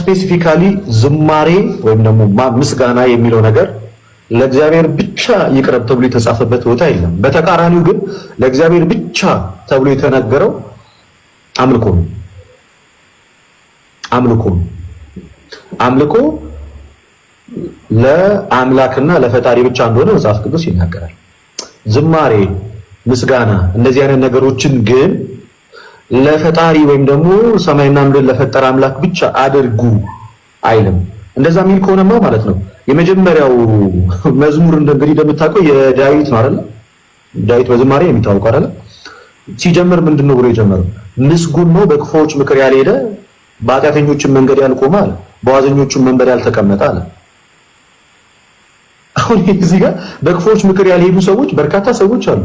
ስፔሲፊካሊ ዝማሬ ወይም ደግሞ ምስጋና የሚለው ነገር ለእግዚአብሔር ብቻ ይቅረብ ተብሎ የተጻፈበት ቦታ የለም። በተቃራኒው ግን ለእግዚአብሔር ብቻ ተብሎ የተነገረው አምልኮ ነው። አምልኮ አምልኮ ለአምላክና ለፈጣሪ ብቻ እንደሆነ መጽሐፍ ቅዱስ ይናገራል። ዝማሬ፣ ምስጋና እነዚህ አይነት ነገሮችን ግን ለፈጣሪ ወይም ደግሞ ሰማይና ምድር ለፈጠረ አምላክ ብቻ አድርጉ አይልም። እንደዛ የሚል ከሆነማ ማለት ነው የመጀመሪያው መዝሙር እንግዲህ እንደምታውቀው የዳዊት ነው አይደል? ዳዊት በዝማሬ የሚታወቀው አይደል? ሲጀምር ምንድን ነው ብሎ የጀመረው? ምስጉን ነው በክፎች ምክር ያልሄደ፣ በኃጢአተኞችን መንገድ ያልቆመ አለ፣ በዋዘኞችን መንበር ያልተቀመጠ አለ። አሁን እዚህ ጋር በክፎች ምክር ያልሄዱ ሰዎች በርካታ ሰዎች አሉ።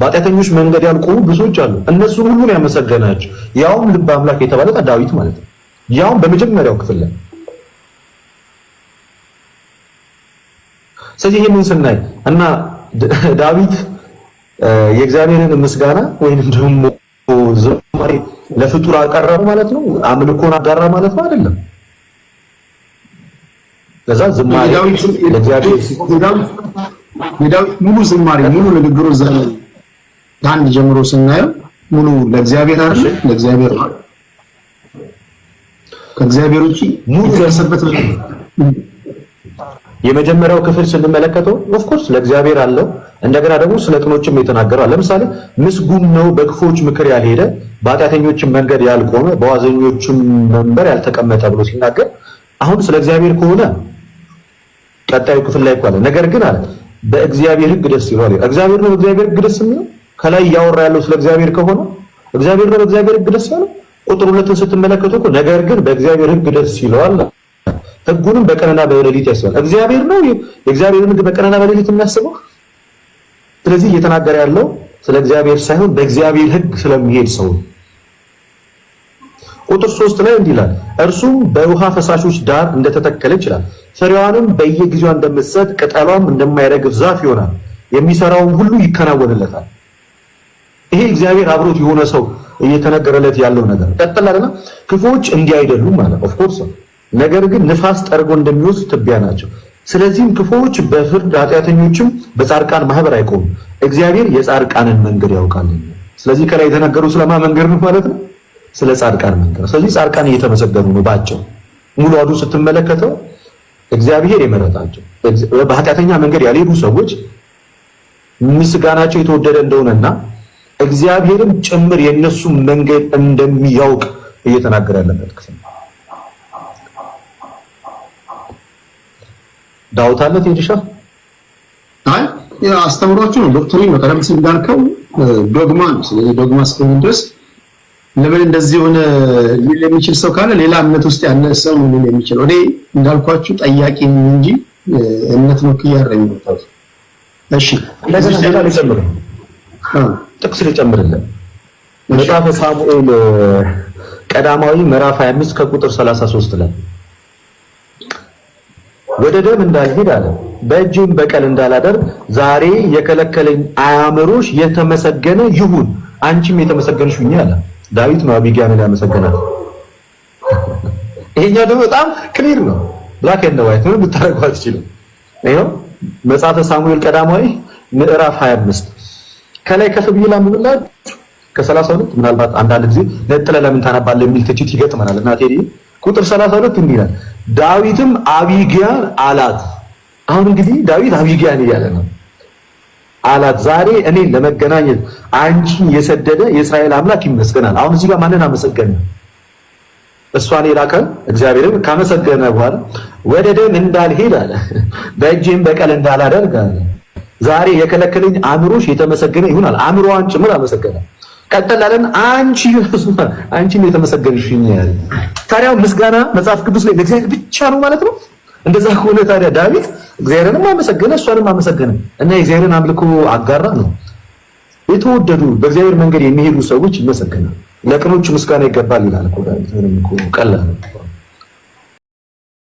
በኃጢአተኞች መንገድ ያልቆሙ ብዙዎች አሉ። እነሱ ሁሉን ያመሰገናቸው ያውም ልብ አምላክ የተባለ ዳዊት ማለት ነው። ያውም በመጀመሪያው ክፍል ላይ ስለዚህ ይህንን ስናይ እና ዳዊት የእግዚአብሔርን ምስጋና ወይንም ደግሞ ዝማሬ ለፍጡር አቀረበ ማለት ነው። አምልኮን አጋራ ማለት ነው አይደለም። ከዛ ዝማሬ የዳዊት ሙሉ ዝማሬ ሙሉ ንግግሩ ዘመን ከአንድ ጀምሮ ስናየው ሙሉ ለእግዚአብሔር አርሽ ለእግዚአብሔር ነው። ከእግዚአብሔር ውጪ ሙሉ ደርሰበት የመጀመሪያው ክፍል ስንመለከተው ኦፍኮርስ ለእግዚአብሔር አለው። እንደገና ደግሞ ስለ ቅኖችም የተናገረው ለምሳሌ ምስጉን ነው በክፎች ምክር ያልሄደ በኃጢአተኞችም መንገድ ያልቆመ በዋዘኞችም መንበር ያልተቀመጠ ብሎ ሲናገር አሁን ስለ እግዚአብሔር ከሆነ ቀጣዩ ክፍል ላይ እኮ ነገር ግን አለ በእግዚአብሔር ሕግ ደስ ይለዋል። እግዚአብሔር ነው እግዚአብሔር ሕግ ደስ የሚለው ከላይ እያወራ ያለው ስለ እግዚአብሔር ከሆነ እግዚአብሔር ነው እግዚአብሔር ሕግ ደስ ያለው። ቁጥር ሁለትን ስትመለከቱ እኮ ነገር ግን በእግዚአብሔር ሕግ ደስ ይለዋል። ሕጉንም በቀንና በሌሊት ያስባል። እግዚአብሔር ነው የእግዚአብሔርን ሕግ በቀንና በሌሊት የሚያስበው። ስለዚህ እየተናገረ ያለው ስለ እግዚአብሔር ሳይሆን በእግዚአብሔር ሕግ ስለሚሄድ ሰው ቁጥር ሶስት ላይ እንዲህ ይላል፣ እርሱም በውሃ ፈሳሾች ዳር እንደተተከለ ይችላል። ፍሬዋንም በየጊዜዋ እንደምትሰጥ ቅጠሏም እንደማይረግፍ ዛፍ ይሆናል። የሚሰራውም ሁሉ ይከናወንለታል። ይሄ እግዚአብሔር አብሮት የሆነ ሰው እየተነገረለት ያለው ነገር ቀጥል አይደለም። ክፉዎች እንዲህ አይደሉም ማለት ኦፍ ኮርስ፣ ነገር ግን ንፋስ ጠርጎ እንደሚወስድ ትቢያ ናቸው። ስለዚህም ክፉዎች በፍርድ ኃጢአተኞችም በጻድቃን ማህበር አይቆሙ እግዚአብሔር የጻድቃንን መንገድ ያውቃል። ስለዚህ ከላይ የተነገሩ ስለማ መንገድ ነው ማለት ነው፣ ስለ ጻድቃን መንገድ። ስለዚህ ጻድቃን እየተመሰገኑ ነው። ባጭሩ ሙሉ አዱ ስትመለከተው እግዚአብሔር የመረጣቸው በኃጢአተኛ መንገድ ያልሄዱ ሰዎች ምስጋናቸው የተወደደ እንደሆነና እግዚአብሔርም ጭምር የእነሱ መንገድ እንደሚያውቅ እየተናገረ ያለበት ክፍል ዳዊት አለ ትይድሻ አይ አስተምሯቸው ነው ዶክትሪን ነው። ቀደም ሲል እንዳልከው ዶግማ ነው። ስለዚህ ዶግማ እስከሆነ ድረስ ለምን እንደዚህ የሆነ ሊል የሚችል ሰው ካለ ሌላ እምነት ውስጥ ያለ ሰው ነው ሊል የሚችል እኔ እንዳልኳችሁ ጠያቂ እንጂ እምነት ነው ክያረኝ ነው። እሺ ለዚህ ጥቅስ ልጨምርልን። መጽሐፈ ሳሙኤል ቀዳማዊ ምዕራፍ 25 ከቁጥር 33 ላይ ወደ ደም እንዳልሄድ አለ በእጅም በቀል እንዳላደርግ ዛሬ የከለከለኝ አእምሮሽ የተመሰገነ ይሁን አንቺም የተመሰገነሽ ሁኚ አለ። ዳዊት ነው አቢጊያን ያመሰገናት። ይሄኛው ደግሞ በጣም ክሊር ነው፣ ብላክ ኤንድ ዋይት ነው፣ ልታረጓት ትችሉ። ይሄው መጽሐፈ ሳሙኤል ቀዳማዊ ምዕራፍ 25 ከላይ ከፍ ብዬ ከሰላሳ ሁለት ምናልባት አንዳንድ ጊዜ ነጥለ ለምን ታነባለህ የሚል ትችት ይገጥመናል እና ቴዲ ቁጥር ሰላሳ ሁለት እንዲህ ይላል ዳዊትም አቢጊያን አላት አሁን እንግዲህ ዳዊት አቢጊያን እያለ ነው አላት ዛሬ እኔን ለመገናኘት አንቺን የሰደደ የእስራኤል አምላክ ይመስገናል። አሁን እዚህ ጋር ማንን አመሰገነ? እሷን የላከ እግዚአብሔርን ካመሰገነ በኋላ ወደ ደም እንዳልሄድ አለ፣ በእጄም በቀል እንዳላደርግ አለ ዛሬ የከለከለኝ አእምሮሽ የተመሰገነ ይሆናል። አእምሮዋን ጭምር አመሰገነ። ቀጠላለን አንቺ አንቺ ነው የተመሰገንሽ ያለ። ታዲያ ምስጋና መጽሐፍ ቅዱስ ላይ ለእግዚአብሔር ብቻ ነው ማለት ነው። እንደዛ ከሆነ ታዲያ ዳዊት እግዚአብሔርንም አመሰገነ እሷንም አመሰገነ እና የእግዚአብሔርን አምልኮ አጋራ ነው። የተወደዱ በእግዚአብሔር መንገድ የሚሄዱ ሰዎች ይመሰገናል። ለቅኖች ምስጋና ይገባል ይላል እኮ ዳዊት። ምንም እኮ ቀላል ነው።